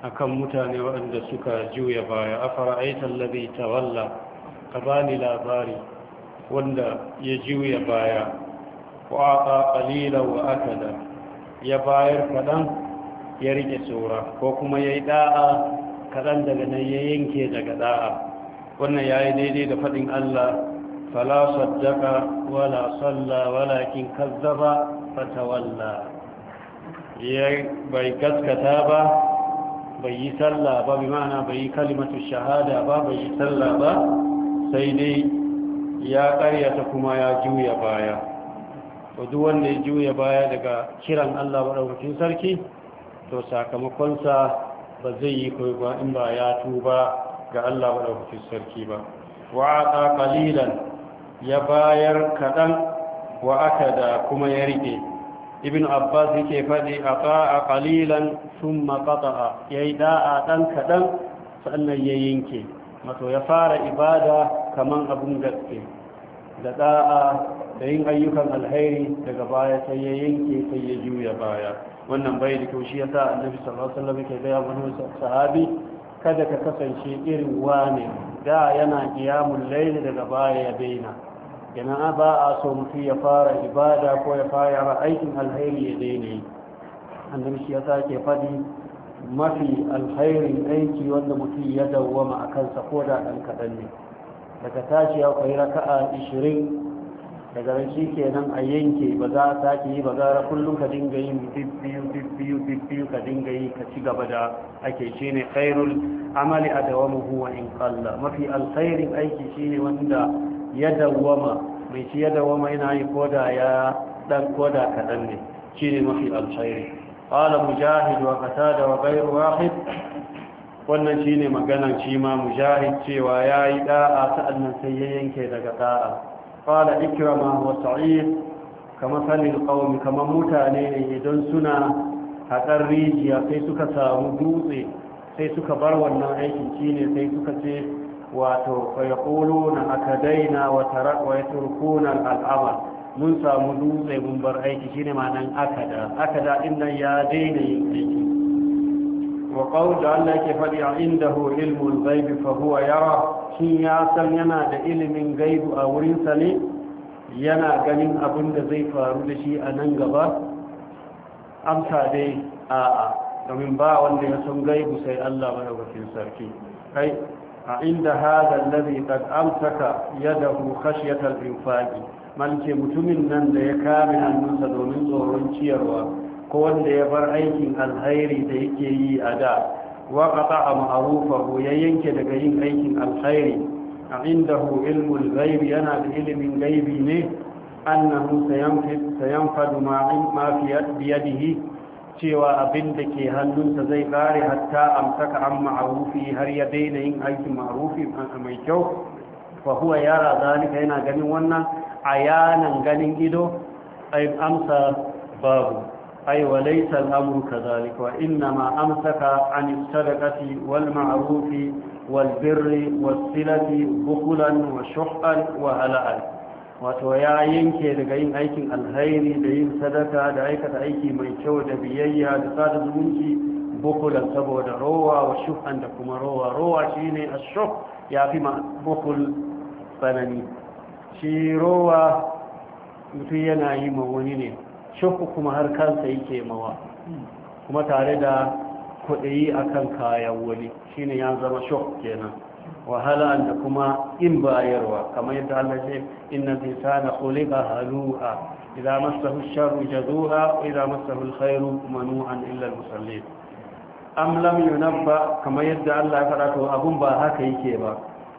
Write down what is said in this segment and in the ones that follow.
akan mutane waɗanda suka juya baya afara'aita ta walla. ka bani labari wanda ya juya baya wa aqa qalilan wa da ya bayar kaɗan, ya rike tsora ko kuma yi da'a kaɗan daga nan ya yanke daga ɗa'a. wannan yayi daidai da faɗin Allah fala saddaqa wala salla walakin kazzaba fatawalla ya bai gaskata ba bai yi sallah ba bi ma'ana bai yi kalimatu shahada ba bai yi sallah ba sai dai ya ta kuma ya juya baya to wanda ya juya baya daga kiran Allah madaukakin sarki to sakamakonsa ba zai yi koyi ba in ba ya tuba ga Allah maɗaukacin sarki ba wa aɗa ƙalilan ya bayar kaɗan wa aka da kuma ya riƙe ibn abbas yake faɗi a ta'a qalilan thumma qata'a yayi da'a dan kadan sannan ya yanke Mato ya fara ibada kaman abun gaske da da'a da yin ayyukan alheri daga baya sai ya yanke sai ya juya baya wannan bai da kyau shi yasa annabi sallallahu alaihi wasallam yake ga wani sahabi kada ka kasance irin wane da yana qiyamul layl daga baya ya daina kenan ba a so mutum ya fara ibada ko ya fara aikin alhairi ya daina yi annabi shi ya sake fadi mafi alhairin aiki wanda mutum ya dawwama a kansa ko da ɗan kaɗan ne daga tashi ya kwayi raka'a ishirin daga nan shi kenan a yanke ba za a sake yi ba gara kullum ka dinga yin bibbiyu bibbiyu bibbiyu ka dinga yi ka ci gaba da ake shi ne khairul amali a dawamuhu huwa in qalla mafi alkhairin aiki shine wanda ya mai ci ya dawwama yana yi koda ya dan koda kaɗan ne shi ne mafi alkhairi ƙala mujahid wa kasa da wa gairu wahid wannan shi ne maganar shi ma mujahid cewa ya yi ɗa'a nan sai ya yanke daga ɗa'a ƙala ikrama wa sa'id kama sanin ƙaumi kamar mutane ne idan suna haƙar rijiya sai suka samu dutse sai suka bar wannan aikin shi ne sai suka ce wato na akadaina wa tarak wa turkunan al'amal mun samu dutse mun bar aiki shine ma'anan akada akada din inda ya daina yin aiki wa qawl Allah ke faɗi a indahu ilmul ghaib fa yara shin ya san yana da ilimin gaibu a wurinsa ne yana ganin abin da zai faru da shi a nan gaba amsa dai a'a domin ba wanda ya san gaibu sai Allah madaukakin sarki kai عند هذا الذي قد أمسك يده خشية الإنفاق من كمتمن من ليكامل المنسد ومن ظهرون شيروا كون ليبر أيكين الخير ديكي أداء وقطع معروفه يينك لقين أيكين الخير عنده علم الغيب ينا بعلم غيبي نه أنه سينفذ ما في بيده cewa abin da ke hannunsa zai kare hatta amsaka an ma'arufi har ya daina yin aikin ma'arufi mai kyau fa huwa yara zalika yana ganin wannan ayanan ganin ido ay amsa babu ay wa laysa al-amru kadhalika wa inna ma amsaka an sadaqati wal wal birri was silati bukulan wa shuhqan wa hala'an wato ya yanke daga yin aikin alhairi da yin sadaka da aikata aiki mai kyau da biyayya da sada zumunci bukulan saboda rowa wa shuhan da kuma rowa rowa shi ne a shuk ya fi bukul tsanani shi rowa mutum yana yi ma wani ne shufu kuma har kansa yake mawa kuma tare da kuɗi akan kayan wani shi ne ya zama shuf kenan wahala da kuma in bayarwa kamar yadda Allah ce inna zitana khuliqa halu'a idza massahu sharru jazuha wa idza massahu al manu'an illa al am lam yunabba kamar yadda Allah ya fara to abun ba haka yake ba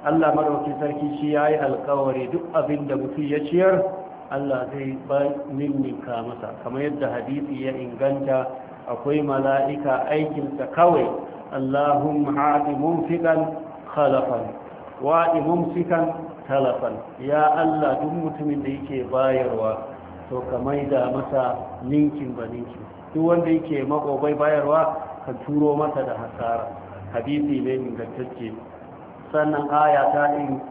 Allah madaukakin sarki shi yayi alƙawari duk abin da mutum ya ciyar Allah zai ba ninninka masa kamar yadda hadisi ya inganta akwai mala'ika aikinsa kawai Allahumma a'ti munfiqan khalafan wa imumsikan talafan ya Allah duk mutumin da yake bayarwa to ka maida masa ninkin ba ninkin duk wanda yake makobai bayarwa ka turo masa da hasara hadisi ne ingantacce sannan aya ta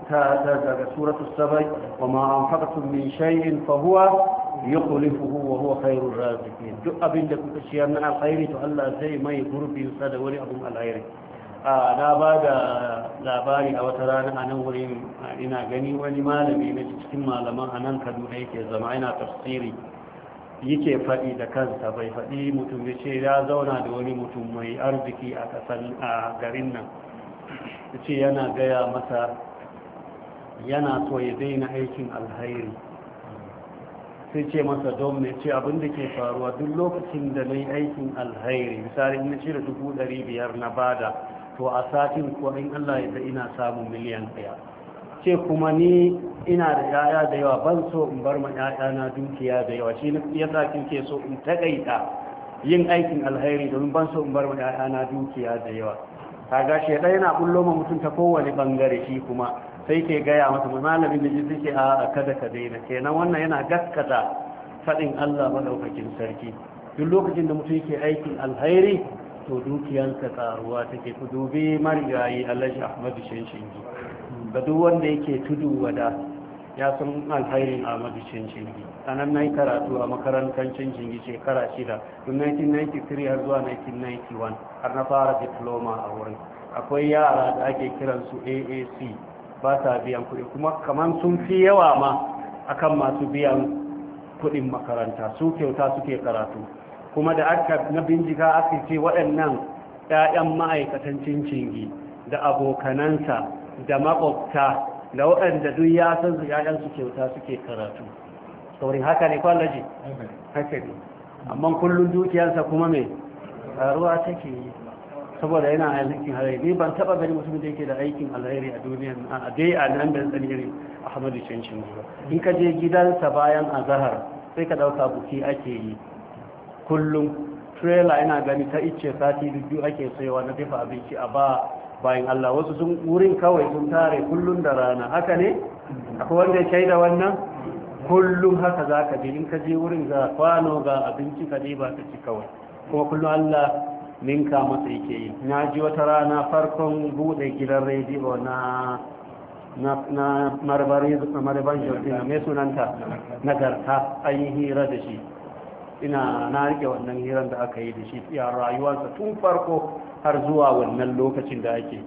ta daga suratu sabai wa ma anfaqtum min shay'in fa huwa yukhlifuhu wa huwa khairur raziqin duk abin da kuka ciyar na alkhairi to Allah zai mai gurbin sa da wani abun alkhairi na ba da labari a wata rana a nan wurin ina gani wani malami na cikin malaman a nan kaduna yake zama yana tafsiri yake faɗi da kansa bai faɗi mutum ya ce ya zauna da wani mutum mai arziki a a garin nan ya ce yana gaya masa yana so ya daina aikin alhairi sai ce masa don mai ce abin da ke faruwa duk lokacin da na yi aikin alhairi misali na cire dubu ɗari biyar na bada to a satin kuwa Allah ya da ina samun miliyan ɗaya ce kuma ni ina da yaya da yawa ban so in bar ma yaya na dukiya da yawa shi ya sa ke so in taƙaita yin aikin alheri domin ban so in bar ma yaya na dukiya da yawa kaga shi ɗaya yana bullo ma mutum ta kowane bangare shi kuma sai ke gaya masa malamin da ji suke a kada ka daina kenan wannan yana gaskata faɗin Allah madaukakin sarki duk lokacin da mutum yake aikin alheri to dukiyanka karuwa take ku dubi marigayi alhaji ahmadu shinshingi ga duk wanda yake tudu wada ya san alhairin ahmadu shinshingi a nan karatu a makarantar shinshingi shekara shida tun 1993 har zuwa 1991 har na fara diploma a wurin akwai yara da ake kiran su aac ba ta biyan kuɗi kuma kamar sun fi yawa ma akan masu biyan kuɗin makaranta su kyauta suke karatu kuma da aka na bincika aka ce waɗannan 'ya'yan ma'aikatan cincingi da abokanansa da makwabta da waɗanda duk ya san su 'ya'yansu kyauta suke karatu saurin haka ne kwallaji haka ne amma kullum dukiyarsa kuma mai karuwa take yi saboda yana aikin alheri ne ban taba gani mutum da yake da aikin alheri a duniya a dai a nan da tsaniri ahmadu cancin ba in ka je gidansa bayan azahar sai ka ɗauka buki ake yi kullum trailer ina gani ta ice sati biyu ake sayowa na dafa abinci a ba bayan Allah wasu sun wurin kawai sun tare kullum da rana haka ne akwai wanda ya shaida wannan kullum haka za ka in ka je wurin ga kwano ga abinci ka ba ka ci kawai kuma kullum Allah ninka masa yake yi na ji wata rana farkon buɗe gidan rediyo na na na mai sunanta nagarta an yi hira da shi ina na rike wannan hiran da aka yi da shi ya rayuwarsa tun farko har zuwa wannan lokacin da ake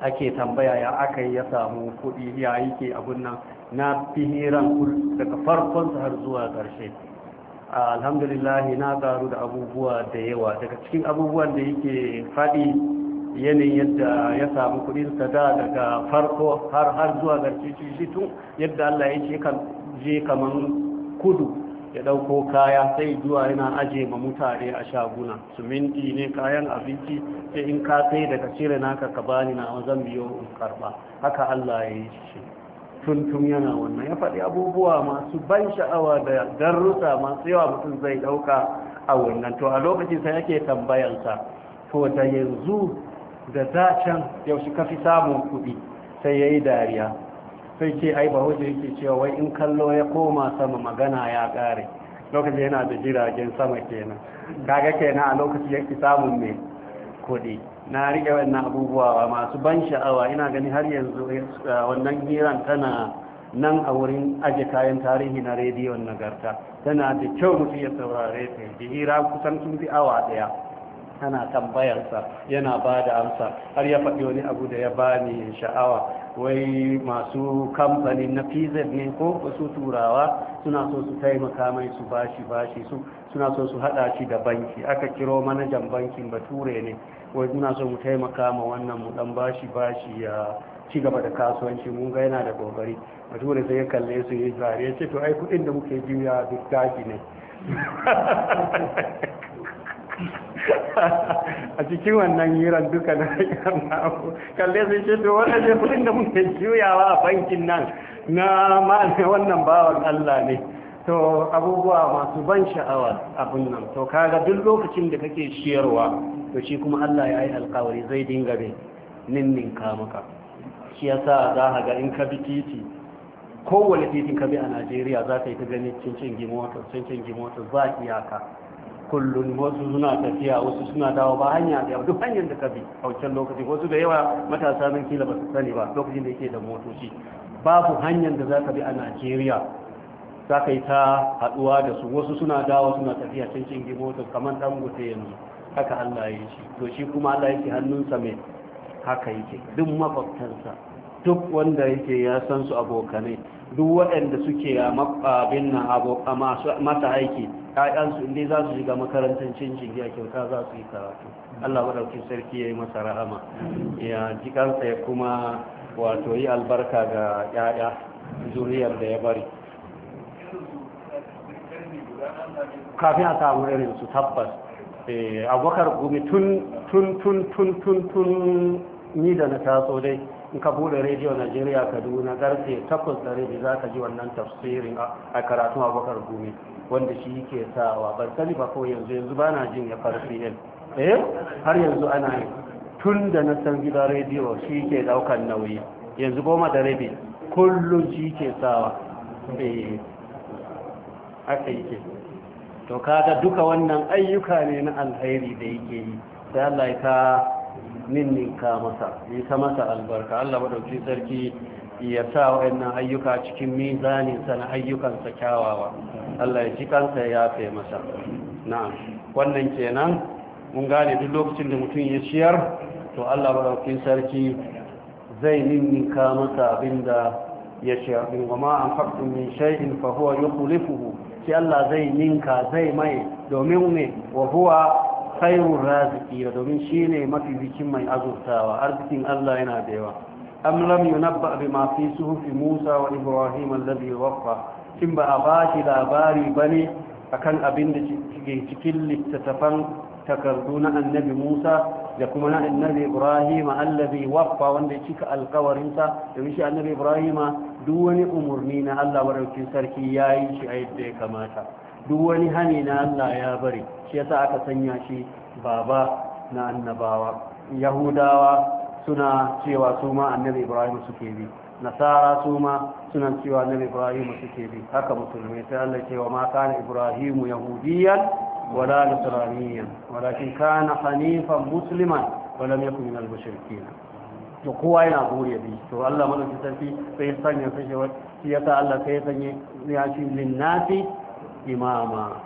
ake tambaya ya aka yi ya samu kuɗi ya yi ke abun nan na fi hiran daga farkonsa har zuwa ƙarshe alhamdulillah na karu da abubuwa da yawa daga cikin abubuwan da yake faɗi yanayin yadda ya samu sa da daga farko har har zuwa ƙarshe shi tun yadda Allah ya ce kan je kaman kudu ya ɗauko kaya sai zuwa yana aje ma mutane a shaguna Siminti ne kayan abinci sai in ka sai daga cire naka ka bani na zan biyo in karba haka Allah ya yi shi tuntun yana wannan ya faɗi abubuwa masu ban sha'awa da darussa masu yawa mutum zai ɗauka a wannan to a lokacin sai yake tambayarsa to da yanzu da dacen yaushe ka fi samun kuɗi sai ya yi dariya sai ce ai bahaushe yake cewa wai in kallo ya koma sama magana ya kare lokacin yana da jiragen sama kenan kaga kenan a lokacin yake samun mai kuɗi na rike wannan abubuwa masu ban sha'awa ina gani har yanzu eh, wannan hiran tana nan a wurin aje kayan tarihi na rediyon nagarta tana da kyau mutum ya saurare ta hira kusan sun fi awa ɗaya ana tambayarsa yana ba da amsa har ya faɗi wani abu da ya bani sha'awa wai masu kamfanin na pizza ne ko su turawa suna so su taimaka mai su bashi bashi su suna so su haɗa shi da banki aka kiro manajan bankin bature ne wai suna so mu taimaka ma wannan mu dan bashi bashi ya ci gaba da kasuwanci mun ga yana da kokari bature sai ya kalle su ya zare ya ce to ai kuɗin da muke jiya duk ne a cikin wannan hirar duka na kalle sai ce to wani je kudin da muke juyawa a bankin nan na ma'ana wannan bawan Allah ne to abubuwa masu ban sha'awa abun nan to kaga duk lokacin da kake shiyarwa to shi kuma Allah ya yi alkawari zai dinga bai ninnin ka shi ya sa za a ga in ka bi titi kowane titin ka bi a najeriya za ka yi ta ganin cincin gimotar cincin gimotar za iyaka Kullum wasu suna tafiya wasu suna dawo ba hanya da duk hanyar da ka bi a wancan lokaci wasu da yawa matasa nan kila ba su sani ba lokacin da yake da motoci babu hanyar da za ka bi a najeriya za ka yi ta haɗuwa da su wasu suna dawo suna tafiya can cin motar kamar ɗan gute yanzu haka allah ya shi to shi kuma allah yake hannunsa mai haka yake duk makwabtansa duk wanda yake ya san su abokanai duk waɗanda suke a abin nan masu aiki ƴaƴansu inda za su shiga makarantar cincin ya kyauta za su yi karatu Allah maɗauki sarki ya yi masa rahama ya ji kansa ya kuma wato yi albarka ga ƴaƴa zuriyar da ya bari kafin a samu irin su tabbas eh, Abokar gumi tun tun tun tun tun tun ni da na taso dai in ka bude rediyo najeriya kaduna garfe takwas da rediyo za ka ji wannan tafsirin a karatun bakar gumi wanda shi ke sawa ban sani ba ko yanzu yanzu ba na jin ya farfi yin eh har yanzu ana yi tun da na san gidan rediyo shi ke daukan nauyi yanzu goma da rabi kullum shi ke sawa eh, aka yi yake to kaga duka wannan ayyuka ne na alheri da yake yi sai Allah ya ka ninninka masa ya ta masa albarka Allah madauki sarki ya sa wayannan ayyuka cikin mizanin sana na ayyukan kyawawa Allah ya ji kansa ya fe masa na'am wannan kenan mun gane duk lokacin da mutum ya ciyar to Allah madaukakin sarki zai ninninka masa abinda ya ciyar din wa ma anfaqtum min shay'in fa huwa yukhlifuhu sai Allah zai ninka zai mai domin ne wa huwa khairur raziqi domin shine mafi bikin mai azurtawa arzikin Allah yana da yawa am lam yunabba bima fi suhufi Musa wa Ibrahim alladhi waffa kin ba a bashi labari bane akan abin da ke cikin littattafan takardu na annabi Musa da kuma na annabi Ibrahim allazi waffa wanda ya cika alkawarinsa domin shi annabi Ibrahim duk wani umurni na Allah baraukin sarki ya yi shi a yadda ya kamata duk wani hani na Allah ya bari shi yasa aka sanya shi baba na annabawa yahudawa suna cewa su ma annabi ibrahim suke bi nasara su ma suna cewa annabi ibrahim suke bi haka musulmi sai Allah cewa ma kana ibrahim yahudiyan wala nasraniyan walakin kana hanifan musliman wala yakun min al-mushrikeen to kowa yana buri bi to Allah madauki sarki sai sanya sai shi yasa Allah sai sanya ya shi linnati imama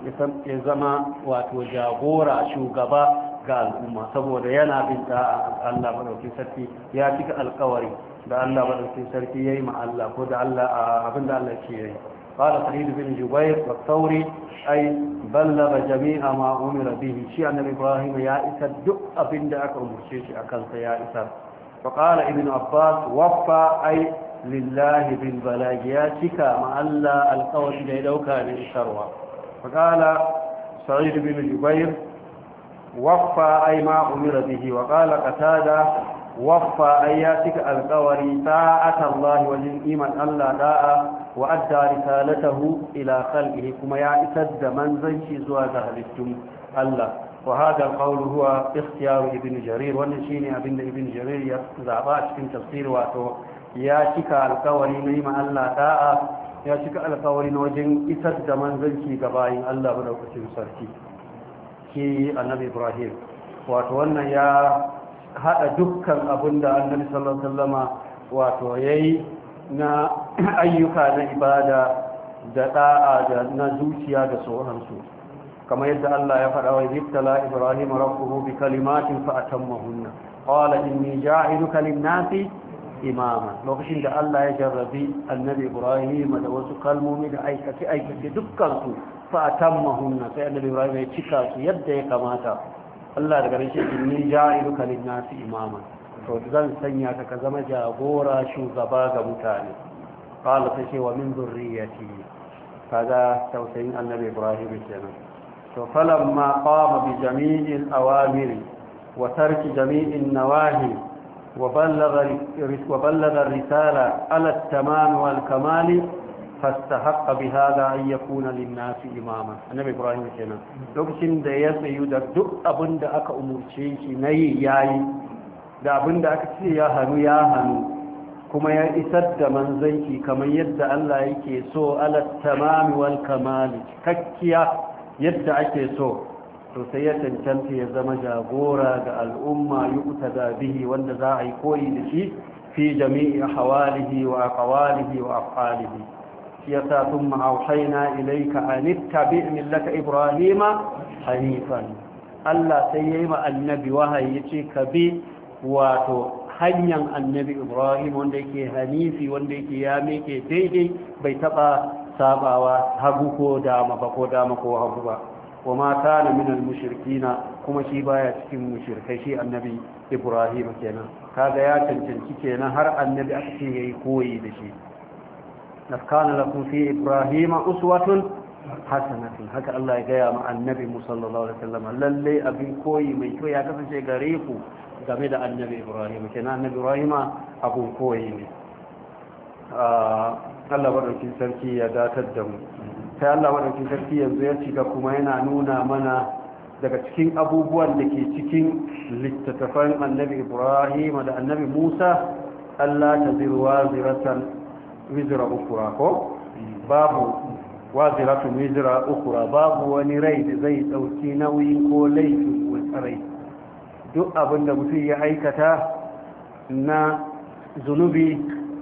ya zama wato jagora shugaba ga al'umma saboda yana bin ta Allah madaukin sarki ya cika alkawari da Allah madaukin sarki yayi ma Allah ko da Allah abinda Allah ke yi qala sahih ibn jubayr wa thawri ay jami'a ma umira bihi shi annabi ibrahim ya isa duk abinda aka umurce shi a kansa ya isa fa qala ibn abbas waffa ay lillahi bil ya cika ma Allah alkawari da ya dauka ne sharwa fa qala sahih ibn jubayr waffa ai ma umira bihi wa qala qatada waffa ai ya tika alqawari ta'ata Allah wa lil Allah da'a wa adda risalatahu ila khalqihi kuma ya isar da manzanci zuwa ga halittun Allah wa hadha alqawl huwa ikhtiyar ibn jarir wa nashini ibn ibn ya zaba cikin tafsir wato ya alkawari alqawari ne ma Allah da'a ya tika alqawari ne wajen isar da manzanci ga bayin Allah madaukakin sarki ke annabi ibrahim wato wannan ya hada dukkan abin da annabi sallallahu alaihi wasallama wato yayi na ayyuka na ibada da da'a da na zuciya da sauransu kamar yadda Allah ya faɗa wa ibtala ibrahim rabbuhu bi kalimatin fa atammahunna qala inni ja'iluka lin-nasi imama lokacin da Allah ya jarrabi annabi Ibrahim da wasu kalmomi da aikace aikace dukkansu fa atammahunna sai annabi Ibrahim ya cika su yadda ya kamata Allah daga rashin inni ja'iluka lin-nasi imama to zan sanya ka ka zama jagora shugaba ga mutane qala sai ce wa min zurriyati kaga tausayin annabi Ibrahim kenan to falamma qama bi jami'il awamiri wa tarki jami'in nawahi وبلغ وبلغ الرسالة على التمام والكمال فاستحق بهذا أن يكون للناس إماما النبي إبراهيم كنا لوكشن da ya tsayu da duk abin aka umurce shi na yi yayi da abinda da aka ce ya hannu ya hannu kuma ya isar da manzanki kamar yadda Allah yake so ala tamami kamali kakkiya yadda ake so to sai ya cancanta ya zama jagora ga al'umma yuqtada bihi wanda za a yi koyi da shi fi jami'i hawalihi wa aqwalihi wa af'alihi yasa thumma awhayna ilayka an ittabi' millata ibrahima hanifan Allah sai yayi ma annabi wahayi yace ka bi wato hanyar annabi ibrahim wanda yake hanifi wanda yake ya meke daidai bai taba sabawa hagu ko dama ba ko dama ko hagu ba wa ma na minal mushrikina kuma shi baya cikin mushrikai shi annabi Ibrahim kenan kaga ya cancanci kenan har annabi aka ce yayi koyi da shi kana lakum fi Ibrahim uswatun hasanatun haka Allah ya gaya ma annabi sallallahu alaihi wasallam lalle abin koyi mai kyau ya kasance gare ku game da annabi Ibrahim kenan annabi Ibrahim abun koyi ne Allah barkin sarki ya datar da mu sai Allah madauki sarki yanzu ya cika kuma yana nuna mana daga cikin abubuwan da ke cikin littattafan annabi Ibrahim da annabi Musa Allah ta zirwa ziratan wizira ukura ko babu waziratun wizira ukura babu wani rai da zai dauki nauyin ko laifin wutsarai duk abin da mutum ya aikata na zunubi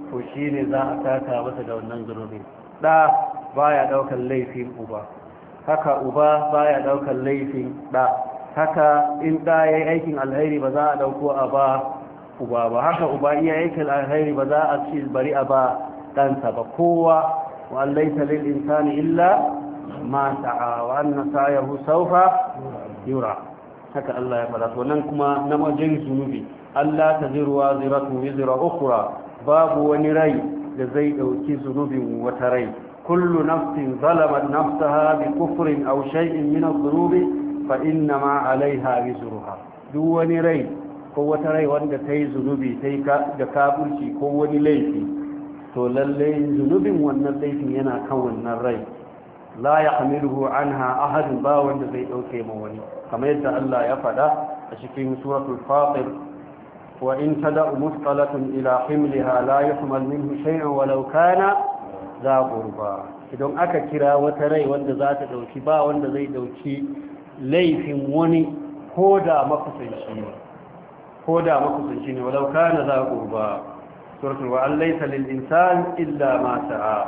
to ne za a taka masa da wannan zunubi da baya daukan laifin uba haka uba baya daukan laifin da haka in da yayi aikin alheri ba za a dauko a ba uba ba haka uba iya aikin alheri ba za a ci bari a ba ɗansa ba kowa wa laita lil insani illa ma sa'a wa anna sa'yahu sawfa yura haka Allah ya fada wannan kuma namajin zunubi Allah ta zirwa ziratu wizra ukhra babu wani rai da zai dauki zunubin wata rai كل نفس ظلمت نفسها بكفر أو شيء من الظنوب فإنما عليها وزرها دون ري قوة ري وانت تي ذنوبي تي كابلشي قوة ليفي تولي ذنوب وان الليف ينا كون الري لا يحمله عنها أحد با وانت زي أوكي موني كما يدى الله يفعل أشكي سورة الفاطر وإن تدأ مثقلة إلى حملها لا يحمل منه شيء ولو كان za gurba idan aka kira wata rai wanda za ta dauki ba wanda zai ɗauki laifin wani ko da makusanci ne ko da makusanci ne walau kana za gurba suratul wa an laysa lil illa ma sa'a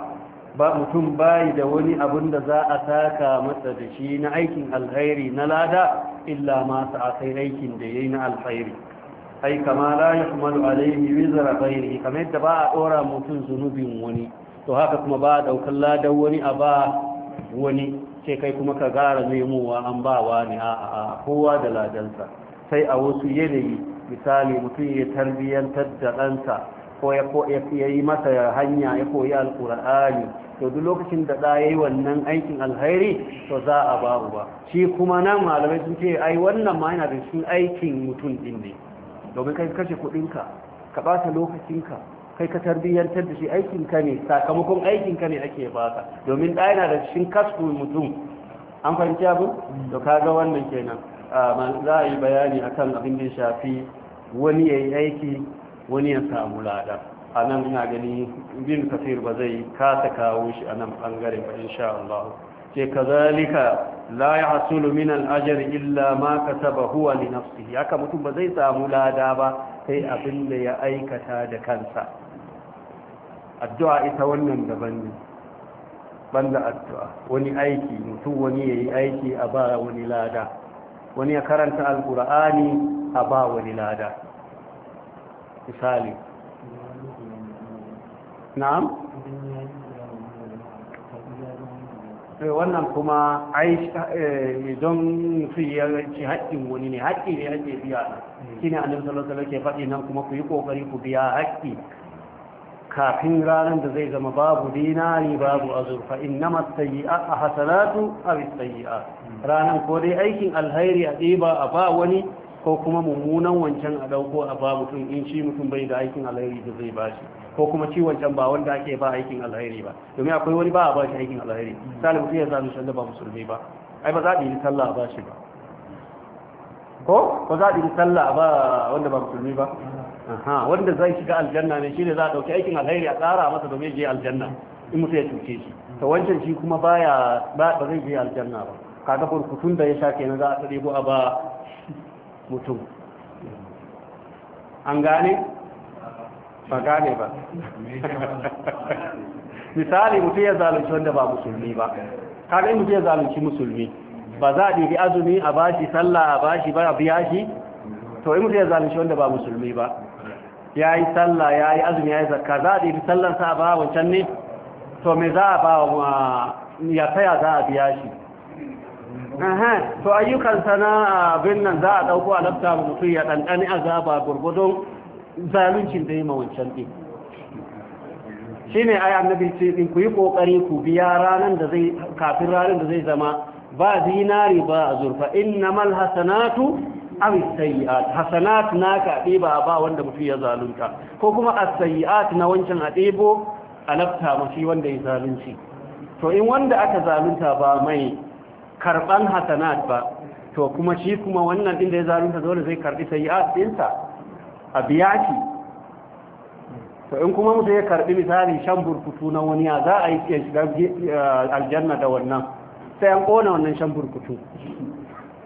ba mutum bayi da wani abin da za a taka masa da shi na aikin alkhairi na lada illa ma sa'a sai aikin da yayi na alkhairi ai kama la yuhmalu alayhi wizra ghairihi kamar yadda ba a dora mutum zunubin wani to haka kuma ba daukar ladan wani a ba wani ce kai kuma ka gara nemowa an ba wani a kowa da ladansa sai a wasu yanayi misali mutum ya tarbiyyantar da ɗansa ko ya yi masa hanya ya koyi alkur'ani to duk lokacin da ɗa ya yi wannan aikin alhairi to za a ba ba shi kuma nan malamai sun ce ai wannan ma yana da shi aikin mutum ɗin ne domin kai kashe kuɗinka ka ɓata lokacinka kai ka tarbiyyantar da shi aikin ne sakamakon aikin ka ne ake baka domin da yana da shi kasko mutum an fahimci abin to ga wannan kenan za a yi bayani a kan abin da shafi wani ya yi aiki wani ya samu lada a nan ina gani bin kafir ba zai kasa kawo shi a nan bangaren ba insha Allah ce kazalika la yahsulu min al'ajar illa ma saba, huwa li nafsihi haka mutum ba zai samu lada ba sai abin da ya aikata da kansa addu'a ita wannan daban ne banda addu'a wani aiki mutum wani ya yi aiki a ba wani lada wani ya karanta alkur'ani a ba wani lada misali na'am sai eh, wannan kuma eh, don su yarci haƙƙin wani ne haƙƙi ne ake biya shi ne annabi sallallahu alaihi wasallam ke faɗi nan kuma ku yi ƙoƙari ku biya haƙƙi kafin ranar da zai zama babu dinari babu azurfa innama sayyi'at a hasanatu aw sayyi'at ranar ko dai aikin alhairi a ɗiba a ba wani ko kuma mummunan wancan a dauko a ba mutum in shi mutum bai da aikin alhairi da zai bashi ko kuma ci wancan ba wanda ake ba aikin alhairi ba domin akwai wani ba a bashi aikin alhairi misali mutum ya zanu da ba musulmi ba ai ba za ni sallah a bashi ba ko ba za ni sallah a ba wanda ba musulmi ba wanda zai shiga aljanna ne shine za a dauki aikin alheri a tsara masa domin je aljanna in mutum ya cuce shi to wancan shi kuma baya ba zai je aljanna ba kaga kurkutun da ya sha kenan za a tsarebo a ba mutum an gane ba gane ba misali mutum ya zalunci wanda ba musulmi ba kaga in mutum ya zalunci musulmi ba za a ɗibi azumi a bashi sallah a bashi ba a biya shi to in mutum ya zalunci wanda ba musulmi ba ya yi sallah ya yi azumi ya yi zakka za a ɗibi sa a ba wancan ne to me za a ba wa ya taya za a biya shi to ayyukansa na abin nan za a ɗauko a lafta mutum ya ɗanɗani a ba gurgudun zaluncin da yi ma wancan ɗin shi ne ai annabi ce in ku yi ƙoƙari ku biya ranar da zai kafin ranar da zai zama ba zinari ba a zurfa in innamal hasanatu awi sayyi'at hasanat naka ɗeba ba wanda mutum ya zalunta ko kuma as-sayyi'at na wancan a ɗebo alafta mafi wanda ya zalunci to in wanda aka zalunta ba mai karban hasanat ba to kuma shi kuma wannan inda ya zalunta dole zai karbi sayyi'at dinsa a biya shi to in kuma mutum ya karbi misali shan burkutu na wani ya za a yi shiga eh, aljanna da wannan sai an kona wannan shan burkutu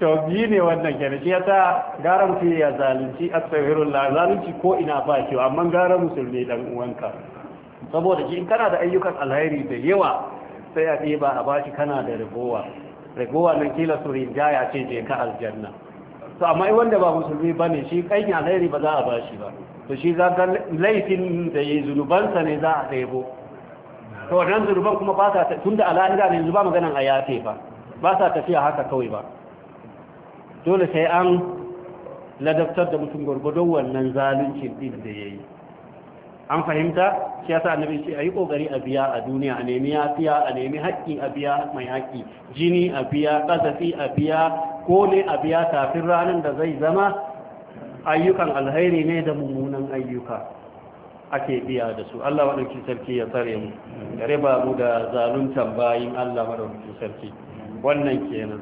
to ne wannan kenan shi yasa gara mutum ya zalunci astaghfirullah zalunci ko ina ba kewa amma gara musulmi dan uwanka saboda shi in kana da ayyukan alheri da yawa sai a ɗiba a bashi kana da rigowa rigowa nan kila su rinjaya ce je ka aljanna to amma wanda ba musulmi bane shi kan alheri ba za a bashi ba to shi za laifin da yi zunubansa ne za a ɗebo to wannan zunuban kuma ba sa tun da ala'ira ne zuba maganan a yafe ba ba sa tafiya haka kawai ba dole sai an ladabtar da mutum gwargwadon wannan zalunci din da ya yi an fahimta shi ya na annabi ce yi ƙoƙari a biya a duniya a nemi yafiya a nemi haƙƙi a biya mai haƙƙi jini a biya ƙazafi a biya ko a biya kafin ranar da zai zama ayyukan alheri ne da mummunan ayyuka ake biya da su Allah madaukakin sarki ya tsare mu ya riba mu da zaluntan bayin Allah madaukakin sarki wannan kenan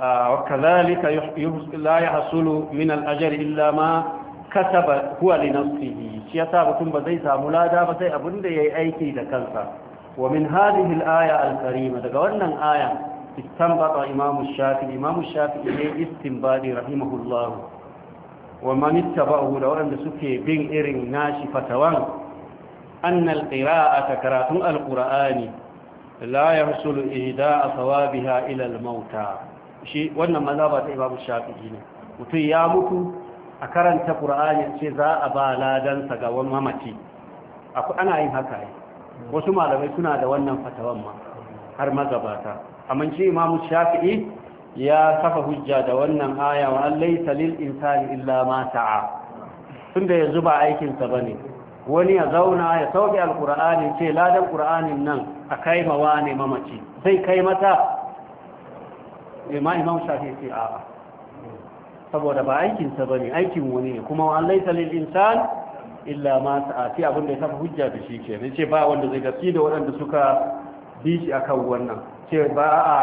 wa la yahsulu min al-ajr illa ma kasaba huwa li nafsihi shi yasa mutum ba zai samu lada ba sai abin da yayi aiki da kansa wa min hadhihi al-aya al-karima daga wannan aya istanbata imamu shafi'i imamu shafi'i ne istinbadi rahimahullahu wa manitta ba'u da waɗanda suke bin irin nashi fatawan annal qira'ata karatun alqur'ani la yahsulu a thawabiha ila almauta shi wannan ba ta babu shafi'i ne mutum ya mutu a karanta qur'ani ce za a ba ladan ga wani mamaci ana yin haka ne wasu malamai suna da wannan fatawan ma har mazabata amma shi imamu shafi'i ya kafa hujja da wannan aya wa an laysa lil insani illa ma sa'a tunda yanzu ba aikin sa bane wani ya zauna ya sauke alqur'ani ce ladan qur'anin nan a kai mawa ne mamaci sai kai mata imam eh, imam shafi ce a saboda ba aikin sa bane aikin wani ne kuma wa an laysa lil insani illa ma sa'a sai abin da ya kafa hujja da shi kenan ce ba wanda zai gaski da waɗanda suka Bishi a kan wannan ce ba a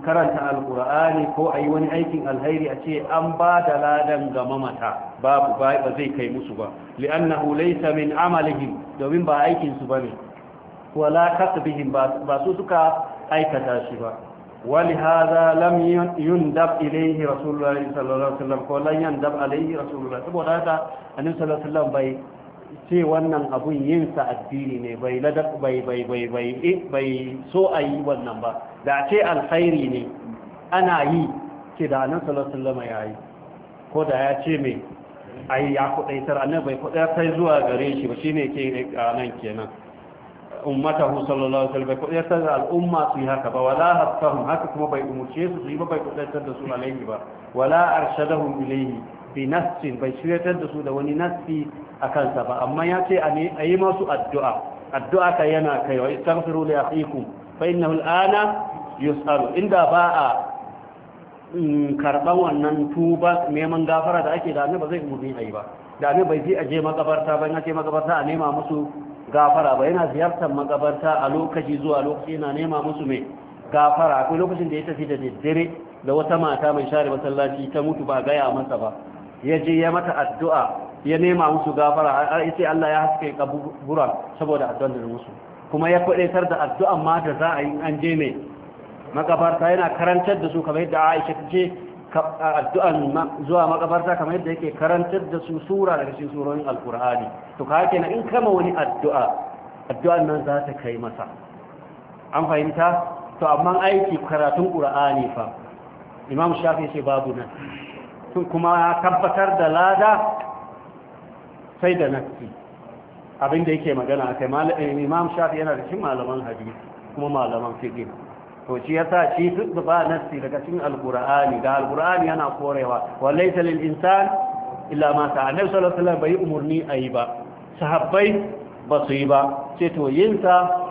karanta alkur'ani ko a yi wani aikin alhairi a ce an ba da ladan ga mamata babu ba zai kai musu ba li'annahu hulai min amalihim domin ba aikinsu ba ne. wala kasbihim ba su suka aikata shi ba Wani لم يندب إليه رسول الله صلى الله عليه وسلم ولن يندب عليه رسول الله سبحانه ce wannan abun yin sa addini ne bai bai bai bai bai eh, bai so a yi wannan ba da ce alkhairi ne ana yi ke da annan sallallahu ya yi ko da ya ce me ai ya kudaitar annabi bai kudaitar zuwa gare shi ba shine ke nan kenan ummatahu sallallahu alaihi wasallam bai kudaitar da al'umma su yi haka ba wala hasfahum haka kuma bai umurce su su yi ba bai kudaitar da su alaihi ba wala arshadahum ilayhi bi nassin bai shiryatar da su da wani nassi a kansa ba amma ya ce a yi masu addu'a addu'a ka yana kai wa ya fi ku fa al'ana yus'alu inda ba a mm, karban wannan tuba neman gafara da ake da ba zai a yi ba da bai ji a je makabarta ba yana ce makabarta a nema musu gafara ba yana ziyartar makabarta a lokaci zuwa lokaci yana nema musu mai gafara akwai lokacin da ya tafi da daddare da wata mata mai share masallaci ta mutu ba gaya masa ba ya je ya mata addu'a ya nema musu gafara har sai Allah ya haske kaburan saboda addu'an da musu kuma ya tar da addu'an ma da za a yi an je mai makabarta yana karantar da su kamar yadda Aisha ta ce addu'an zuwa makabarta kamar yadda yake karantar da su sura daga cikin surorin alkur'ani to ka na in kama wani addu'a addu'an nan za ta kai masa an fahimta to amma aiki karatun qur'ani fa imam shafi ce babu nan kuma ya tabbatar da lada sai da nafsi abinda yake magana a kai eh, imam shafi yana da cikin malaman hadisi kuma malaman fiqh to shi ya sa shi duk ba nafi daga cikin alkur'ani da alkur'ani yana korewa wallai salin insan illa ma sa, annabi sallallahu alaihi wasallam bai umurni ayi ba sahabbai ba su yi ba sai to yinsa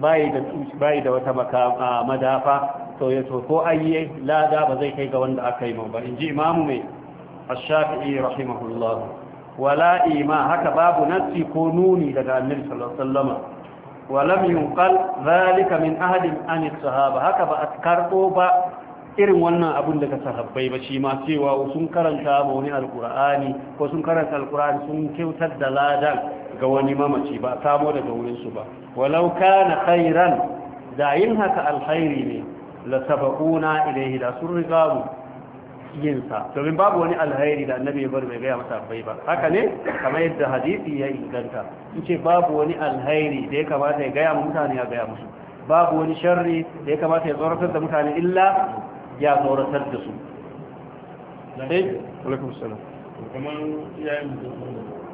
bai da bai da wata ah, madafa to to ko ayye lada ba zai kai ga wanda aka yi ba in ji imamu mai ashafi'i shafii rahimahullah wala ima haka babu nassi ko nuni daga annabi sallallahu alaihi wasallam wa yunqal zalika min ahadin an sahaba haka ba karbo ba irin wannan abun daga sahabbai ba shi ma cewa sun karanta ba wani alkur'ani ko sun karanta alkur'ani sun kyautar da ladan ga wani mamaci ba samo daga su ba walau kana khairan da yin haka alkhairi ne la sabaquna ilayhi da sun riga mu yin sa domin babu wani alheri da annabi ya bar bai gaya masa bai ba haka ne kamar yadda hadisi ya inganta in ce babu wani alheri da ya kamata ya gaya mu mutane ya gaya musu babu wani sharri da ya kamata ya tsoratar da mutane illa ya tsoratar da su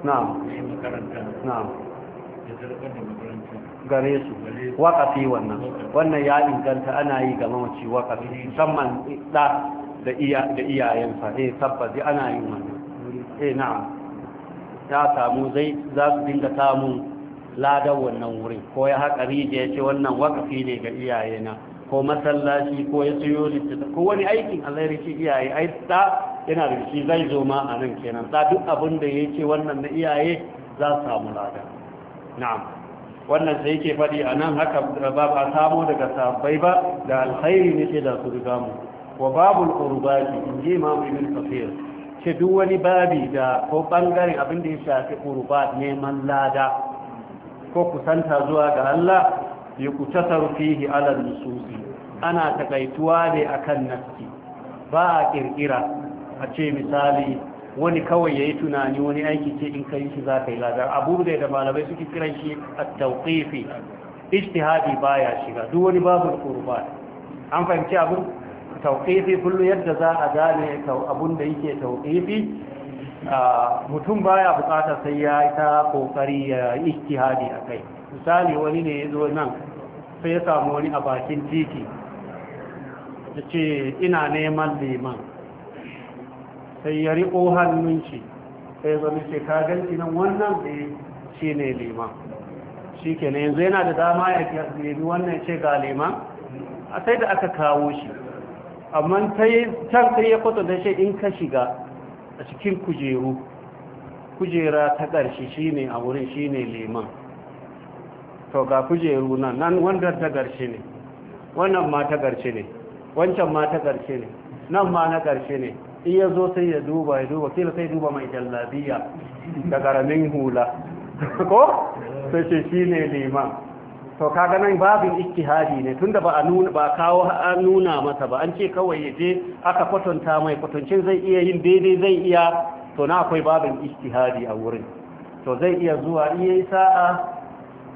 na'am na'am gare su waƙafi wannan wannan ya inganta ana yi ga mamaci waƙafi musamman da da iyayensa eh tabbazi ana yin wannan eh na'am ta samu zai za su dinga samun ladan wannan wurin ko ya haƙa rijiya ce wannan waƙafi ne ga iyayena ko masallaci ko ya siyo littattafa ko wani aikin alheri ce iyaye ai ta yana da shi zai zo ma a nan kenan ta duk abin da ya ce wannan na iyaye za su samu lada na'am wannan sai yake faɗi a nan haka ba a samo daga sahabbai ba da alkhairi ne ke da su riga mu wa babul qurbati in ji mu ibn kafir ce duk wani babi da ko bangaren abin da ya shafi qurbat neman lada ko kusanta zuwa ga Allah ya kutasar fihi ala nusubi ana takaituwa ne akan nafsi ba a kirkira a ce misali wani kawai ya yi tunani wani aiki ce in kai shi za ka yi ladar abu da da malamai suke kiran shi a tauƙifi ijtihadi baya shiga duk wani babu qurba an fahimci abu tauƙifi kullu yadda za a gane abun da yake tauƙifi mutum baya bukata sai ya ta kokari ya ijtihadi akai misali wani ne ya nan sai ya samu wani a bakin titi yace ina neman liman sai ya riƙo hannunci sai ya zama ce ka ganci nan wannan ne eh, shi ne liman shi ke ne yanzu yana da dama ya nemi wannan ce ga liman a sai da aka kawo shi amma can sai ya kwato da shi in ka shiga a cikin kujeru kujera ta ƙarshe shi ne a wurin shi ne liman to ga kujeru nan nan wanda ta ƙarshe ne wannan ma ta ƙarshe ne wancan ma ta ƙarshe ne nan ma na ƙarshe ne in zo sai ya duba ya duba kila sai duba mai jallabiya da karamin hula ko sai ce shi ne liman to kaga nan babin ikhtihadi ne tunda ba a ba kawo anuna nuna masa ba an ce kawai ya je aka kwatanta mai kwatancin zai iya yin daidai zai iya to na akwai babin ikhtihadi a wurin to zai iya zuwa iya yi sa'a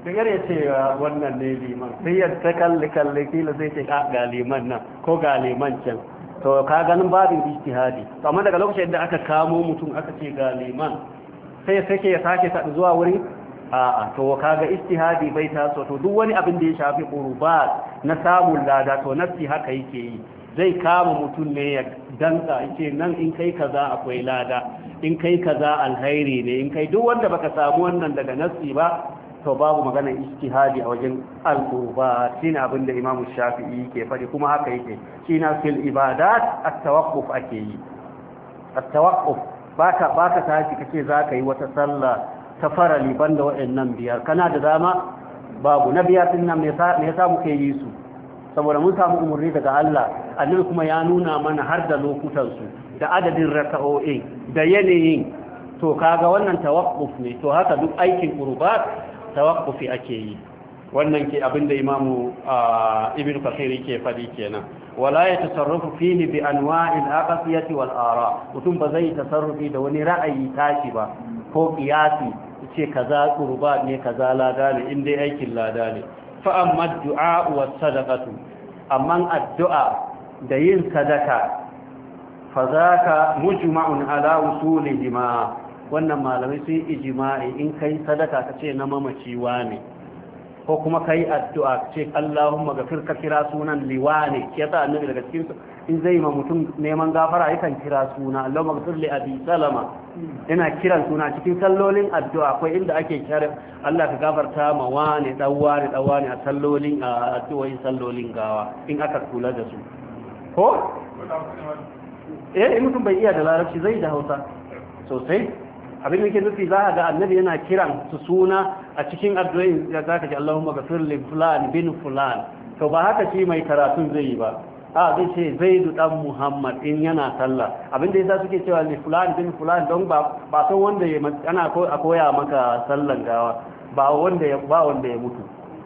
daga ya ce ah, wannan ne liman sai ya ta kalli kalli kila zai ce ah, ga liman nan ko ga liman can to ka ganin babin ijtihadi to amma daga lokacin da aka kamo mutum aka ce ga liman sai sake ya sake sa zuwa wurin a'a to kaga ijtihadi bai taso to duk wani abin da ya shafi qurbat na samun lada to nafsi haka yake yi zai kama mutum ne ya danka yace nan in kai kaza akwai lada in kai kaza alkhairi ne in kai duk wanda baka samu wannan daga nafsi ba to babu magana istihadi a wajen al-qurbat shine abin da Imam Shafi'i ke faɗi kuma haka yake shine fil ibadat at-tawaqquf ake yi at-tawaqquf baka baka tashi kace zaka yi wata sallah ta farali banda waɗannan biyar kana da dama babu na biyar din nan me yasa muke yi su saboda mun samu umarni daga Allah annabi kuma ya nuna mana har da lokutan su da adadin raka'oi da yanayin to kaga wannan tawaqquf ne to haka duk aikin qurbat tawakkufi ake yi wannan ke abin da imamu ibn kasiri ke fadi kenan wala ya tasarrufu fihi bi anwa'il aqsiyati wal ara mutum ba zai tasarrufi da wani ra'ayi tashi ba ko qiyasi ce kaza qurba ne kaza lada ne in dai aikin lada ne fa amma du'a was sadaqatu amma addu'a da yin sadaka fa zaka mujma'un ala usulihima wannan malamai sun ijima'i in kai sadaka ka ce na mamaci ne. ko kuma kai addu'a ka ce Allahumma gafir ka kira sunan liwane ya sa annabi daga cikin in zai ma mutum neman gafara yakan kira suna Allahumma gafir li abi salama ina kiran suna cikin sallolin addu'a akwai inda ake kira Allah ka gafarta ma wane dan wane dan wane a sallolin addu'o'in sallolin gawa in aka kula da su ko eh mutum bai iya da larabci zai da Hausa sosai abin da ke nufi za a ga annabi yana kiran su suna a cikin addu'in ya za ka ji Allahumma ghafir li fulan bin fulan to ba haka shi mai karatun zai yi ba a zai ce zaidu dan muhammad in yana sallah abin da yasa suke cewa li fulan bin fulan don ba ba san wanda ya ana koya maka sallan gawa ba wanda ya mutu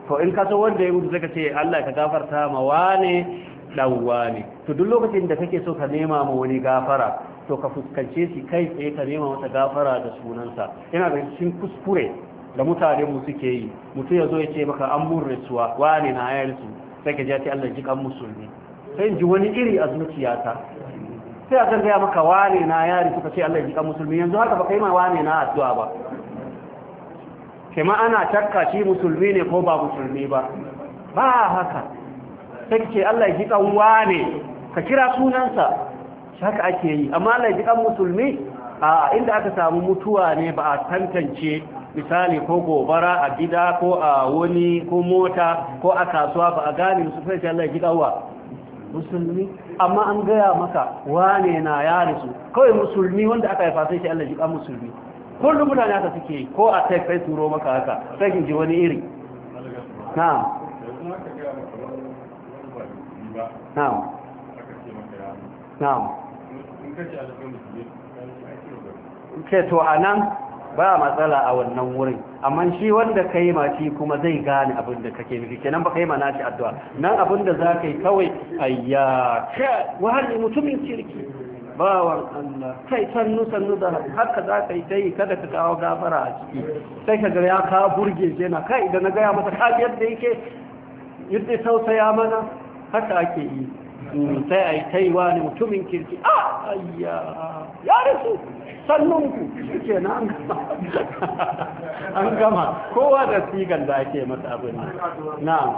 to in ka wanda ya mutu zaka ce Allah ka gafarta ma wane dan wane to duk lokacin da kake so ka nema ma wani gafara to ka fuskance shi kai tsaye ka nema masa gafara da sunansa yana da cikin kuskure da mutane mu suke yi mutum ya zo ya ce maka an mun rasuwa wani na ayar su? sai ka ji Allah ji kan musulmi sai ji wani iri a ta. sai a gaya maka wane na yari suka ce Allah ji kan musulmi yanzu haka baka yi ma wane na addu'a ba ma ana takka shi musulmi ne ko ba musulmi ba ba haka sai ce Allah ya kan wane ka kira sunansa haka ake yi amma Allah ya ji kan musulmi a inda aka samu mutuwa ne ba a tantance misali ko gobara a gida ko a wani ko mota ko a kasuwa ba a gane musu sai Allah ya ji kawwa musulmi amma an gaya maka wane na yare su kawai musulmi wanda aka haifa sai Allah ya ji kan musulmi kullum mutane haka suke ko a kai kai turo maka haka sai kin ji wani iri na'am na'am na'am ke to a nan ba matsala a wannan wurin amma shi wanda ka yi mati kuma zai gane abin da kake nufi kenan ba ka yi mana shi addu'a nan abin da za ka yi kawai ayya wahali mutumin kirki bawan Allah kai sannu sannu da haka za ka yi ta yi kada ka kawo gafara a ciki sai ka gara ya ka burge jena kai da na gaya masa ka yadda yake yadda tausaya mana haka ake yi sai a yi taiwa ne mutumin kirki a ayya ya rasu sannunku suke na an gama kowa da sigan da ake masa abin na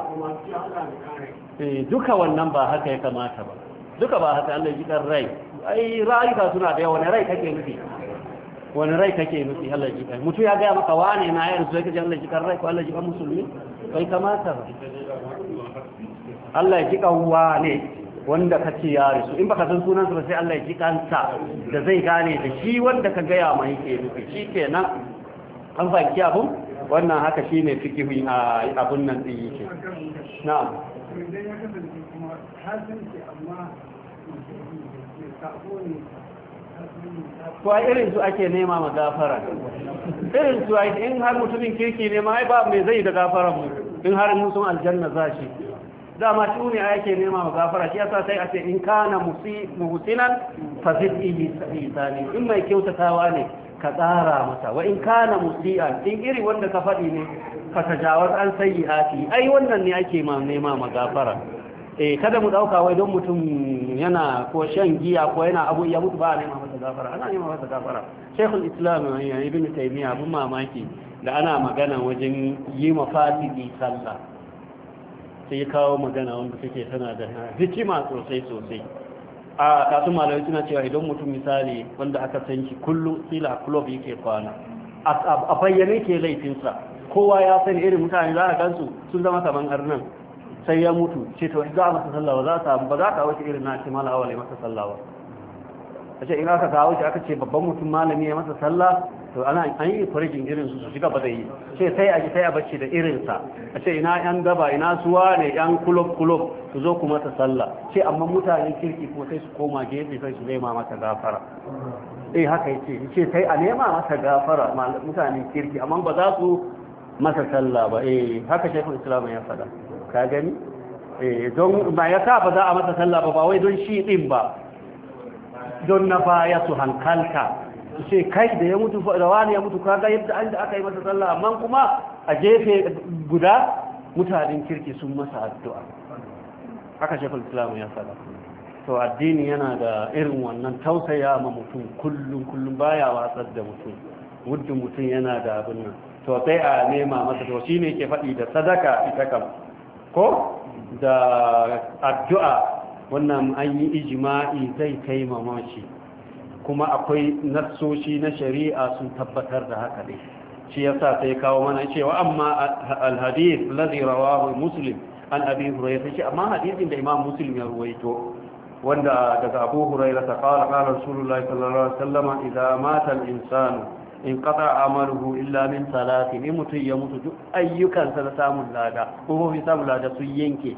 eh, duka wannan ba haka ya kamata ba duka ba haka allah jikan rai ai rayuka suna da yawa wani rai kake nufi wani rai kake nufi allah jikan mutu ya gaya maka wane na yanzu ya kaji allah jikan rai ko allah jikan musulmi bai kamata ba Allah ya jika wane wanda ka ce ya rasu in baka san sunansa ba sai Allah ya ji kansa da zai gane da shi wanda ka gaya mai ke nufi shi ke nan an fahimci abun wannan haka shi ne fikihun a abun nan ɗin yake na'am to irin su ake nema ma gafara irin su in har mutumin kirki ne ma ai ba mai zai da gafara mu in har mun sun aljanna za shi dama shi ne ake nema wa gafara shi yasa sai a ce in kana muhsinan fa zidi isani in mai kyautatawa ne ka tsara masa wa in kana musian in iri wanda ka faɗi ne ta tajawaz an sayyi'ati ai wannan ne ake ma nema ma gafara eh, kada mu ɗauka wai don mutum yana ko shan giya ko yana abu ya mutu ba nema masa gafara ana nema masa gafara shaykhul islam eh, ibn taymiya mamaki da ana magana wajen yi mafasidi sallah sai kawo magana wanda take tana da hikima sosai sosai a kasu malamai suna cewa idan mutum misali wanda aka san shi kullum sila club yake kwana a bayyane ke laifinsa kowa ya sani irin mutane za a gansu sun zama kaman arnan sai ya mutu ce to za a masa sallawa za ta ba za ka wace irin na ce malawa ne masa sallawa a ce ina ka kawo shi aka ce babban mutum malami ya masa sallah to ana an yi farjin irin su su shiga ba da yi ce sai a ji sai a bacci da irinsa a ce ina yan gaba ina suwa ne yan kulob kulob su zo kuma ta sallah ce amma mutanen kirki ko sai su koma gefe sai su nema mata gafara eh haka yace ce sai a nema mata gafara mutanen kirki amma ba za su masa sallah ba eh haka shekul islam ya faɗa ka gani eh don ba ya sa ba za a masa sallah ba ba wai don shi din ba don na baya su hankalta su kai da ya mutu da wani ya mutu kaga yadda an da aka yi masa sallah amma kuma a jefe guda mutanen kirki sun masa addu'a haka shekul islam ya faɗa to addini yana da irin wannan tausaya ma mutum kullum kullum baya watsar da mutum muddin mutum yana da abin nan to sai a nema masa to shine yake faɗi da sadaka ita kam ko da addu'a wannan an yi ijima'i zai taimama shi kuma akwai nassoshi na shari'a sun tabbatar da haka ne shi yasa sai kawo mana cewa amma al-hadith ladhi rawahu muslim an abi hurairah shi amma hadisin da imam muslim ya ruwaito wanda daga abu hurairah ta qala qala rasulullahi sallallahu alaihi wasallam idza mata al-insanu in qata amaluhu illa min salatin mutu ya mutu duk ayyukansa na samun lada ko fi samun lada sun yanke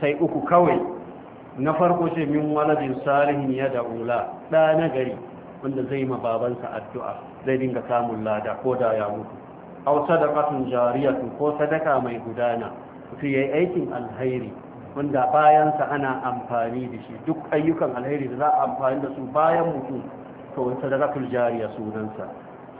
sai uku kawai na farko ce min waladin salihin ya da'ula ɗa na gari wanda zai ma babansa addu'a zai dinga samun lada ko da ya mutu aw sadaqatun jariyatun ko sadaka mai gudana mutum yayi aikin alheri wanda bayansa ana amfani da shi duk ayyukan alheri da za a amfani da su bayan mutum to sadaqatul jariya sunansa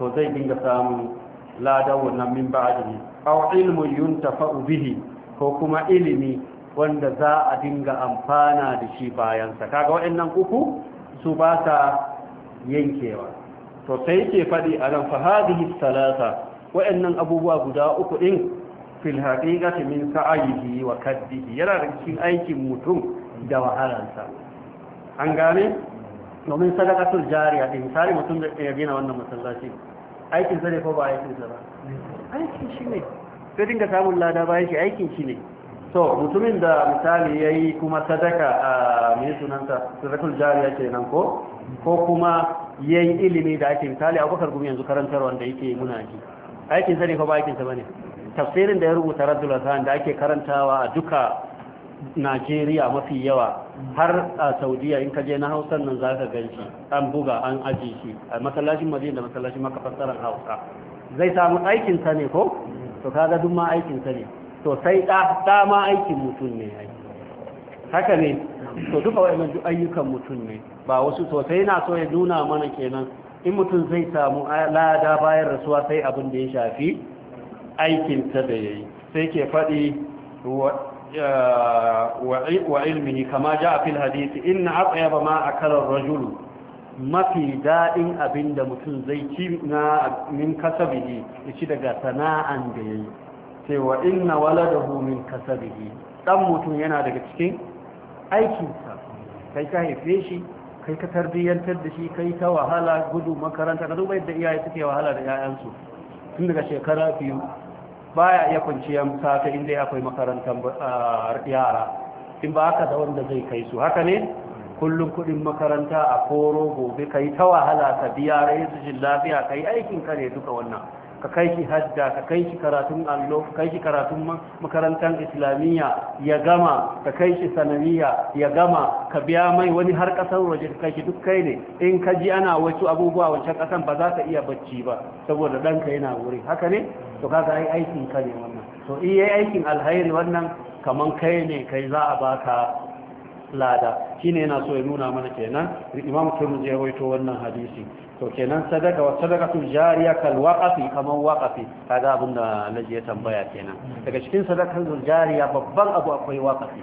to zai dinga samun ladan wannan min ba'dihi aw ilmun yuntafa'u bihi ko kuma ilimi wanda za a dinga amfana da shi bayansa kaga waɗannan uku su ba ta yankewa to sai yake faɗi a nan fahadihi salasa wa'annan abubuwa guda uku ɗin fil haqiqati min sa'ayihi wa kaddihi yana da cikin aikin mutum da wahalansa an gane domin sadaqatul jariya din misali mutum da ya gina wannan masallaci aikin sa ne ko ba aikin sa ba aikin shi ne sai dinga samun lada bayan shi aikin shi ne so mutumin da misali ya yi kuma sadaka a mai sunanta sadakul jariya ke nan ko ko kuma ya yi ilimi da ake misali a kusur gumi yanzu karantar wanda yake muna ji aikinsa ne ko ba aikinsa ba ne tafsirin da ya rubuta radula da ake karantawa a duka Najeriya mafi yawa har a Saudiya in ka je na Hausa nan za ka ganci an buga an aje shi a masallacin Madina da masallacin maka fassarar Hausa zai samu aikin sa ne ko to kaga duk ma aikin sa ne Sosai sai ɗa ma aikin mutum ne haka ne to duka wa'annan duk ayyukan mutum ne ba wasu sosai na so ya nuna mana kenan in mutum zai samu lada bayan rasuwa sai abin da ya shafi aikin ta da yayi sai ke faɗi wa ilmihi kama ja a hadisi inna atyaba ma akala rajulu mafi daɗin abin da mutum zai ci na min kasabihi ya ci daga sana'an da yayi cewa inna waladahu min kasabihi dan mutum yana daga cikin aikinsa kai ka haife shi kai ka tarbiyyantar da shi kai ta wahala gudu makaranta ka duba yadda iyaye suke wahala da 'ya'yansu tun daga shekara biyu baya iya kwanciyar safe inda akwai makarantar yara in ba haka da wanda zai kai su haka ne kullum kuɗin makaranta a koro gobe kai ta wahala ka biya rai su jin lafiya kai aikin ka ne duka wannan ka kai shi hajja ka kai shi karatun allo ka kai shi karatun makarantar islamiyya ya gama ka kai shi sanariya ya gama ka biya mai wani har kasar waje ka kai shi duk kai ne in ka ji ana wasu abubuwa wancan kasan ba za ka iya bacci ba saboda ɗanka yana wuri haka ne to kaga ai aikin ka ne wannan to iya aikin alhairi wannan kaman kai ne kai za a baka lada shine yana so ya nuna mana kenan imam turmuzi ya waito wannan hadisi to kenan sadaka wa sadaqatul jariya kal waqafi kaman waqafi kaga abin da naji ya tambaya kenan daga cikin sadaqatul jariya babban abu akwai waqafi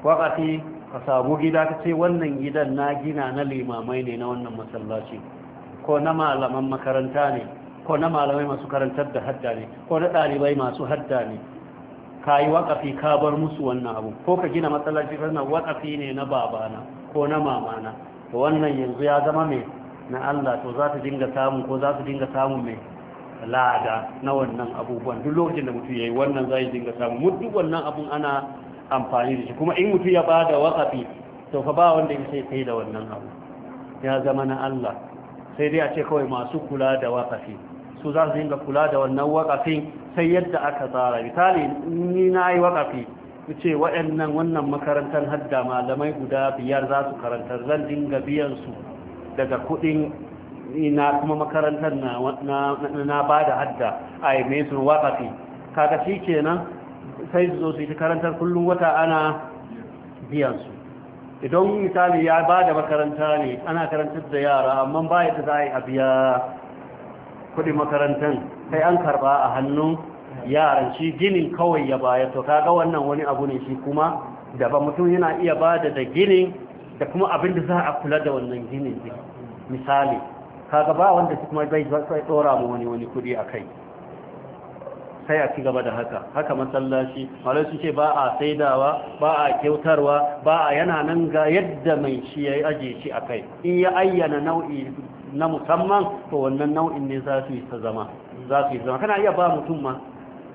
waqafi ka samu gida ka ce wannan gidan na gina na limamai ne na wannan masallaci ko na malaman makaranta ne ko na malamai masu karantar da hadda ne ko na dalibai masu hadda ne ka yi waƙafi ka bar musu wannan abu ko ka gina masallaci kana waƙafi ne na babana ko na mamana wannan yanzu ya zama mai na Allah to za ta dinga samun ko za su dinga samun mai lada na wannan abubuwan duk lokacin da mutum yi wannan za ya dinga samu mutu wannan abun ana amfani da shi kuma in mutum ya ba da wakafi to fa ba wanda ya sai kai da wannan abu ya zama na Allah sai dai a ce kawai masu kula da wakafi su za su dinga kula da wannan wakafin sai yadda aka tsara misali ni na yi wakafi ce waɗannan wannan makarantar hadda malamai guda biyar za su karantar zan dinga biyan su daga kudin na kuma makarantar na ba da hadda a yi mai sun wakafi Kaka shi kenan sai su zo su yi karantar kullum wata ana biyansu idan misali ya ba da makaranta ne ana karantar da yara amma ba ta za a biya kudin makarantar sai an karba a hannun yaran shi ginin kawai ya bayar to kaga wannan wani abu ne shi kuma daban mutum yana iya ba da ginin da kuma abin da za a kula da wannan ginin zai misali kaga ba wanda kuma bai zai tsora mu wani wani kudi kai. sai a ci gaba da haka haka masallaci malar su ce ba a saidawa ba a kyautarwa ba a yana nan ga yadda mai shi ya aje shi a kai. in ya ayyana nau'i na musamman to wannan nau'in ne za su yi ta zama za su yi zama kana iya ba mutum ma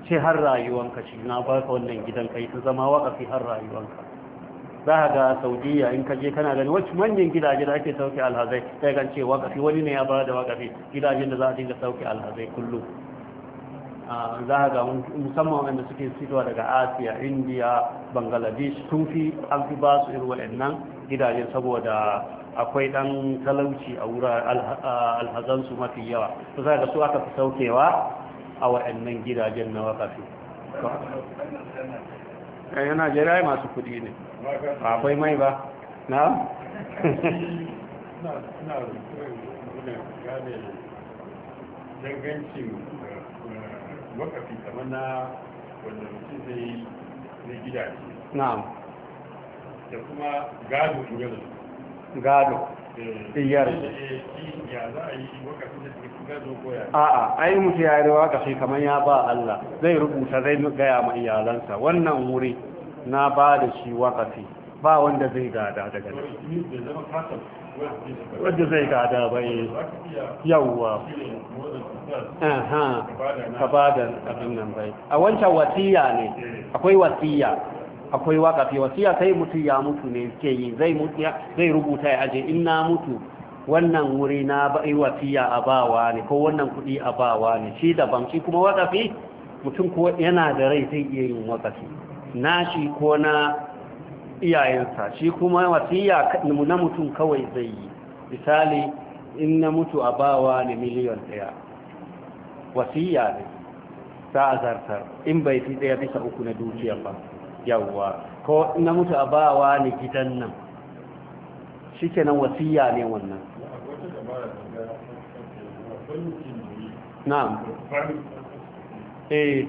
ce har rayuwanka shi na baka wannan gidan kai ta zama waka fi har rayuwanka za ka ga saudiya in ka je kana gani wacce manyan gidaje da ake sauke alhazai sai gan cewa wakafi wani ne ya ba da wakafi gidajen da za a dinga sauke alhazai kullum za ka ga musamman wanda suke fitowa daga asiya indiya bangladesh sun fi an fi ba su irin waɗannan gidajen saboda akwai ɗan talauci a wurin alhazansu mafi yawa to za ga su aka fi saukewa a waɗannan gidajen na wakafi. Yana najeriya masu kuɗi ne akwai mai ba na? dangancin eh, na wanda mutum zai na gidaje na da kuma gado in gado eh, iyar eh, a a'a ai mutu ya yi wakafi kamar ya ba Allah zai rubuta zai gaya ma iyalansa wannan wuri na ba da shi wakafi ba wanda zai gada daga nan. wanda zai gada bai yawwa ka ba da abin nan bai a wancan wasiya ne akwai wasiya akwai wakafi wasiya sai mutum ya mutu ne ke yi zai rubuta ya aje in na mutu wannan wuri na bai wasiya a bawa ne ko wannan kuɗi a bawa ne shi daban shi kuma wakafi mutum ko yana da rai zai iya yin wakafi nashi ko na iyayensa shi kuma wasiya na mutum kawai zai yi misali in na mutu a bawa ne miliyon daya wasiya ne za a zartar in bai fi daya bisa uku na dukiyar ba yawwa ko na mutu a bawa ne gidan nan shi kenan wasiya ne wannan na'am eh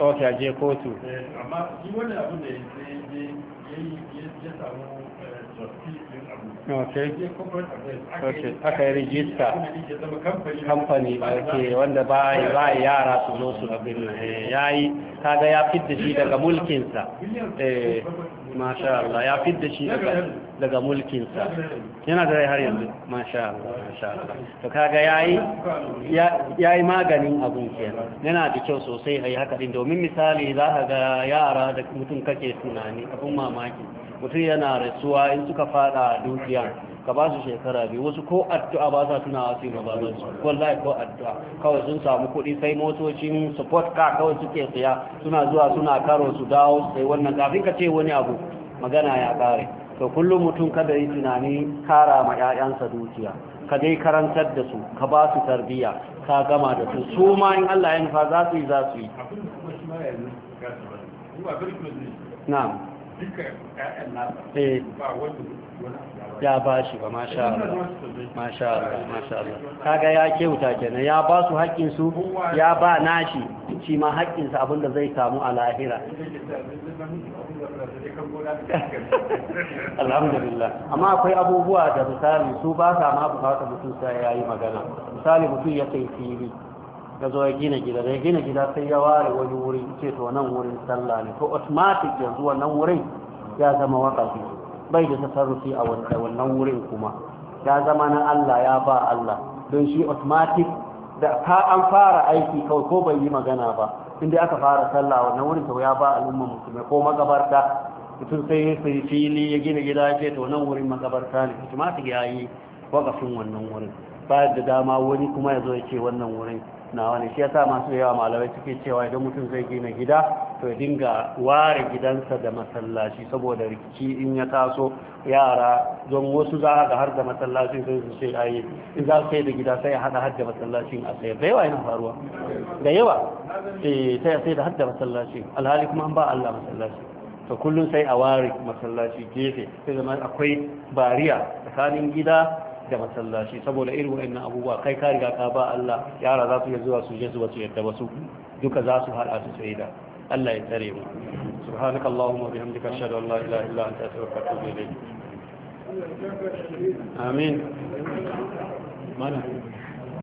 ok a je kotu eh, eh, ok, ok wani aka yi rijista kamfani ke wanda ba ba yara su zo su abin eh, yayi kaga ya fidda shi daga mulkinsa eh masha Allah ya fidda shi daga daga mulkinsa yana da rai har yanzu masha Allah to kaga yayi yayi maganin abun kenan yana da kyau sosai ai haka din domin misali za ka ga yara da mutum kake tunani abun mamaki mutum yana rasuwa in suka fada dukiya ka ba su shekara biyu wasu ko addu'a ba sa tunawa wasu ba ba su wallahi ko addu'a kawai sun samu kuɗi sai motocin support car kawai suke siya suna zuwa suna karo su dawo sai wannan kafin ka ce wani abu magana ya kare to kullum mutum kada yi tunani kara ma 'ya'yansa dukiya ka dai karantar da su ka ba su tarbiyya ka gama da su su ma in Allah ya nufa za su yi za su yi na'am eh. ya ba shi ba masha Allah masha Allah masha Allah kaga ya kyauta kenan ya ba su haƙƙin su ya ba nashi shi ma haƙƙin sa abinda zai samu a lahira alhamdulillah amma akwai abubuwa da misali su ba sa ma bukata mutum sai yi magana misali mutum ya kai fili ya zo ya gina gida da ya gina gida sai ya ware wani wuri ce to nan wurin sallah ne to automatic yanzu wannan wurin ya zama waƙafi bai da tasarrufi a wannan wurin kuma ya zama na Allah ya ba Allah don shi automatic da ka an fara aiki kawai ko bai yi magana ba inda aka fara sallah wannan wurin to ya ba al'umma musulmai ko magabarta mutum sai ya sai fili ya gina gida ya ce to nan wurin magabarta ne automatic ya yi wakafin wannan wurin ba da dama wani kuma ya zo ya ce wannan wurin na wani shi yasa masu yawa malamai suke cewa idan mutum zai gina gida to ya dinga ware gidansa da masallaci saboda rikici in ya taso yara don wasu za ga har da masallacin sai su ce ayi in za su sai da gida sai ya hada har da masallacin a sayar da yawa yana faruwa da yawa eh, sai ya sai da har da masallacin alhali kuma an ba Allah masallaci to kullum sai a ware masallaci gefe sai zama akwai bariya tsakanin gida da masallaci saboda irin wa'annan abubuwa kai ka riga ka ba Allah yara za su iya zuwa su je su wasu yadda wasu duka za su haɗa su tsaye da Allah ya tsare mu subhanak allahumma bihamdika ashhadu an la ilaha illa anta astaghfiruka wa atubu ilayk amin mana